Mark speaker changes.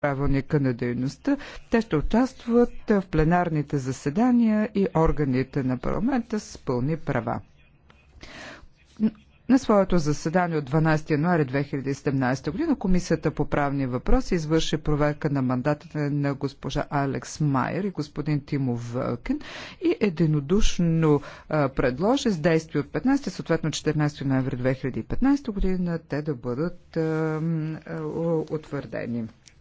Speaker 1: правилника на дейността. Те ще участват в пленарните заседания и органите на парламента с пълни права. На своето заседание от 12 януари 2017 година Комисията по правни въпроси извърши проверка на мандатите на госпожа Алекс Майер и господин Тимо Вълкин и единодушно а, предложи с действие от 15, съответно 14 ноември 2015 година, те да бъдат а, а, утвърдени.